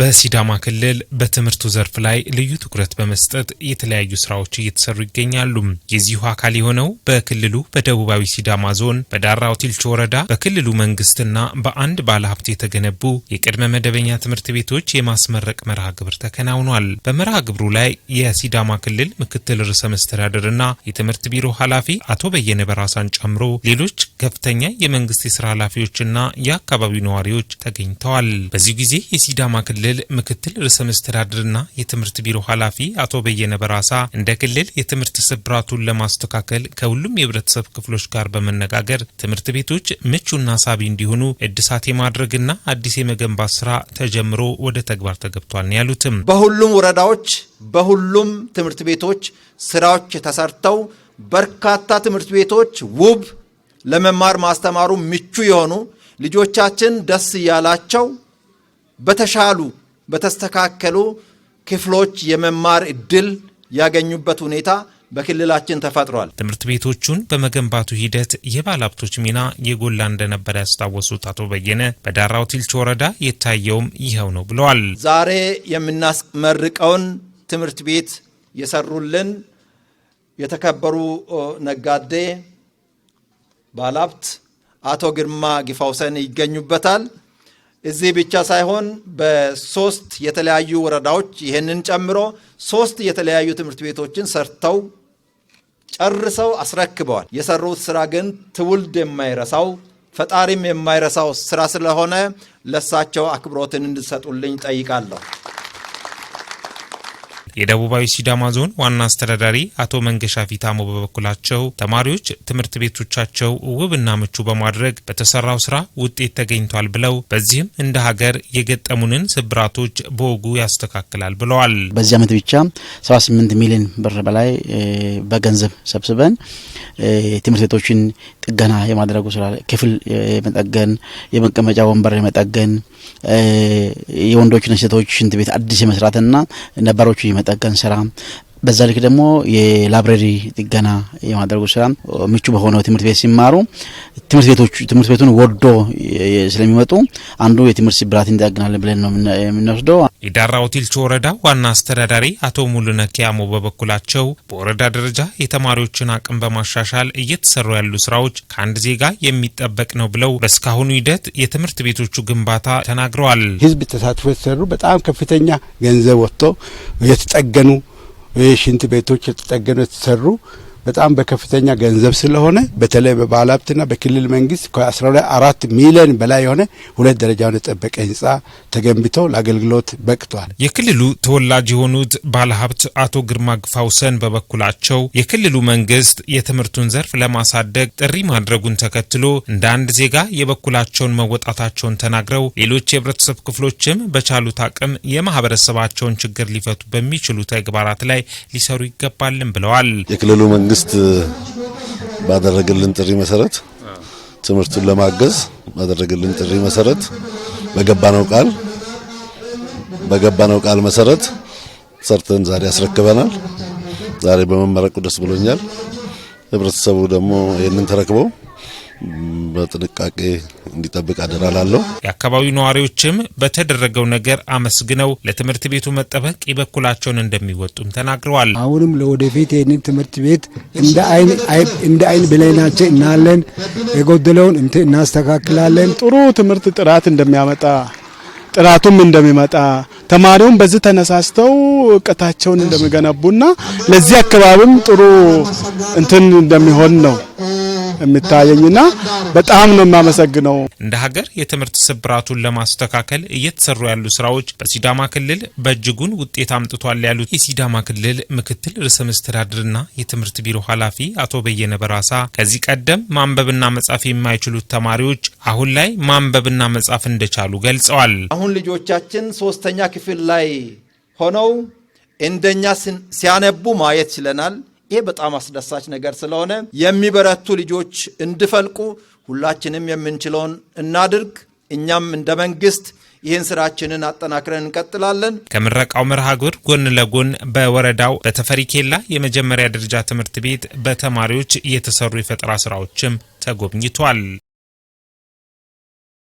በሲዳማ ክልል በትምህርቱ ዘርፍ ላይ ልዩ ትኩረት በመስጠት የተለያዩ ስራዎች እየተሰሩ ይገኛሉ። የዚሁ አካል የሆነው በክልሉ በደቡባዊ ሲዳማ ዞን በዳራ ቲልቾ ወረዳ በክልሉ መንግስትና በአንድ ባለሀብት የተገነቡ የቅድመ መደበኛ ትምህርት ቤቶች የማስመረቅ መርሃ ግብር ተከናውኗል። በመርሃ ግብሩ ላይ የሲዳማ ክልል ምክትል ርዕሰ መስተዳድርና የትምህርት ቢሮ ኃላፊ አቶ በየነ በራሳን ጨምሮ ሌሎች ከፍተኛ የመንግስት የስራ ኃላፊዎችና የአካባቢው ነዋሪዎች ተገኝተዋል። በዚሁ ጊዜ የሲዳማ ክልል ክልል ምክትል ርዕሰ መስተዳድርና የትምህርት ቢሮ ኃላፊ አቶ በየነ በራሳ እንደ ክልል የትምህርት ስብራቱን ለማስተካከል ከሁሉም የህብረተሰብ ክፍሎች ጋር በመነጋገር ትምህርት ቤቶች ምቹና ሳቢ እንዲሆኑ እድሳት የማድረግና አዲስ የመገንባት ስራ ተጀምሮ ወደ ተግባር ተገብቷል ነው ያሉትም። በሁሉም ወረዳዎች በሁሉም ትምህርት ቤቶች ስራዎች ተሰርተው በርካታ ትምህርት ቤቶች ውብ ለመማር ማስተማሩ ምቹ የሆኑ ልጆቻችን ደስ እያላቸው በተሻሉ በተስተካከሉ ክፍሎች የመማር እድል ያገኙበት ሁኔታ በክልላችን ተፈጥሯል። ትምህርት ቤቶቹን በመገንባቱ ሂደት የባለሀብቶች ሚና የጎላ እንደነበረ ያስታወሱት አቶ በየነ በዳራው ቲልቾ ወረዳ የታየውም ይኸው ነው ብለዋል። ዛሬ የምናስመርቀውን ትምህርት ቤት የሰሩልን የተከበሩ ነጋዴ ባለሀብት አቶ ግርማ ጊፋውሰን ይገኙበታል። እዚህ ብቻ ሳይሆን በሶስት የተለያዩ ወረዳዎች ይህንን ጨምሮ ሶስት የተለያዩ ትምህርት ቤቶችን ሰርተው ጨርሰው አስረክበዋል። የሰሩት ስራ ግን ትውልድ የማይረሳው ፈጣሪም የማይረሳው ስራ ስለሆነ ለሳቸው አክብሮትን እንድሰጡልኝ ጠይቃለሁ። የደቡባዊ ሲዳማ ዞን ዋና አስተዳዳሪ አቶ መንገሻ ፊታሞ በበኩላቸው ተማሪዎች ትምህርት ቤቶቻቸው ውብና ምቹ በማድረግ በተሰራው ስራ ውጤት ተገኝቷል ብለው በዚህም እንደ ሀገር የገጠሙንን ስብራቶች በወጉ ያስተካክላል ብለዋል። በዚህ ዓመት ብቻ 78 ሚሊዮን ብር በላይ በገንዘብ ሰብስበን ትምህርት ቤቶችን ጥገና የማድረጉ ስራ ክፍል የመጠገን የመቀመጫ ወንበር የመጠገን የወንዶችና ሴቶች ሽንት ቤት አዲስ የመስራትና ነባሮቹ የመጠገን ስራ በዛ ልክ ደግሞ የላይብረሪ ጥገና የማድረጉ ስራ ምቹ በሆነው ትምህርት ቤት ሲማሩ ትምህርት ቤቶች ትምህርት ቤቱን ወዶ ስለሚመጡ አንዱ የትምህርት ስብራት እንጠግናለን ብለን ነው የምንወስደው። የዳራ ሆቴልች ወረዳ ዋና አስተዳዳሪ አቶ ሙሉነ ኪያሞ በበኩላቸው በወረዳ ደረጃ የተማሪዎችን አቅም በማሻሻል እየተሰሩ ያሉ ስራዎች ከአንድ ዜጋ የሚጠበቅ ነው ብለው በእስካሁኑ ሂደት የትምህርት ቤቶቹ ግንባታ ተናግረዋል። ህዝብ ተሳትፎ የተሰሩ በጣም ከፍተኛ ገንዘብ ወጥቶ የተጠገኑ ሽንት ቤቶች የተጠገኑ የተሰሩ በጣም በከፍተኛ ገንዘብ ስለሆነ በተለይ በባለሀብትና ሀብትና በክልል መንግስት ከ14 ሚሊዮን በላይ የሆነ ሁለት ደረጃውን የጠበቀ ህንፃ ተገንብቶ ለአገልግሎት በቅቷል። የክልሉ ተወላጅ የሆኑት ባለ ሀብት አቶ ግርማ ግፋውሰን በበኩላቸው የክልሉ መንግስት የትምህርቱን ዘርፍ ለማሳደግ ጥሪ ማድረጉን ተከትሎ እንደ አንድ ዜጋ የበኩላቸውን መወጣታቸውን ተናግረው ሌሎች የህብረተሰብ ክፍሎችም በቻሉት አቅም የማህበረሰባቸውን ችግር ሊፈቱ በሚችሉ ተግባራት ላይ ሊሰሩ ይገባልን ብለዋል። መንግስት ባደረገልን ጥሪ መሰረት ትምህርቱን ለማገዝ ባደረገልን ጥሪ መሰረት በገባነው ቃል በገባነው ቃል መሰረት ሰርተን ዛሬ አስረክበናል። ዛሬ በመመረቁ ደስ ብሎኛል። ህብረተሰቡ ደግሞ ይህንን ተረክበው በጥንቃቄ እንዲጠብቅ አደራ ላለሁ። የአካባቢው ነዋሪዎችም በተደረገው ነገር አመስግነው ለትምህርት ቤቱ መጠበቅ የበኩላቸውን እንደሚወጡም ተናግረዋል። አሁንም ለወደፊት ይህንን ትምህርት ቤት እንደ አይን ብሌናችን እናለን፣ የጎደለውን እንት እናስተካክላለን። ጥሩ ትምህርት ጥራት እንደሚያመጣ ጥራቱም እንደሚመጣ ተማሪውም በዚህ ተነሳስተው እውቀታቸውን እንደሚገነቡና ለዚህ አካባቢም ጥሩ እንትን እንደሚሆን ነው የምታየኝና በጣም ነው የማመሰግነው። እንደ ሀገር የትምህርት ስብራቱን ለማስተካከል እየተሰሩ ያሉ ስራዎች በሲዳማ ክልል በእጅጉን ውጤት አምጥቷል ያሉት የሲዳማ ክልል ምክትል ርዕሰ መስተዳድርና የትምህርት ቢሮ ኃላፊ አቶ በየነ በራሳ ከዚህ ቀደም ማንበብና መጻፍ የማይችሉት ተማሪዎች አሁን ላይ ማንበብና መጻፍ እንደቻሉ ገልጸዋል። አሁን ልጆቻችን ሶስተኛ ክፍል ላይ ሆነው እንደኛ ሲያነቡ ማየት ችለናል። ይህ በጣም አስደሳች ነገር ስለሆነ የሚበረቱ ልጆች እንዲፈልቁ ሁላችንም የምንችለውን እናድርግ። እኛም እንደ መንግስት ይህን ስራችንን አጠናክረን እንቀጥላለን። ከምረቃው መርሃ ግብር ጎን ለጎን በወረዳው በተፈሪ ኬላ የመጀመሪያ ደረጃ ትምህርት ቤት በተማሪዎች የተሰሩ የፈጠራ ስራዎችም ተጎብኝቷል።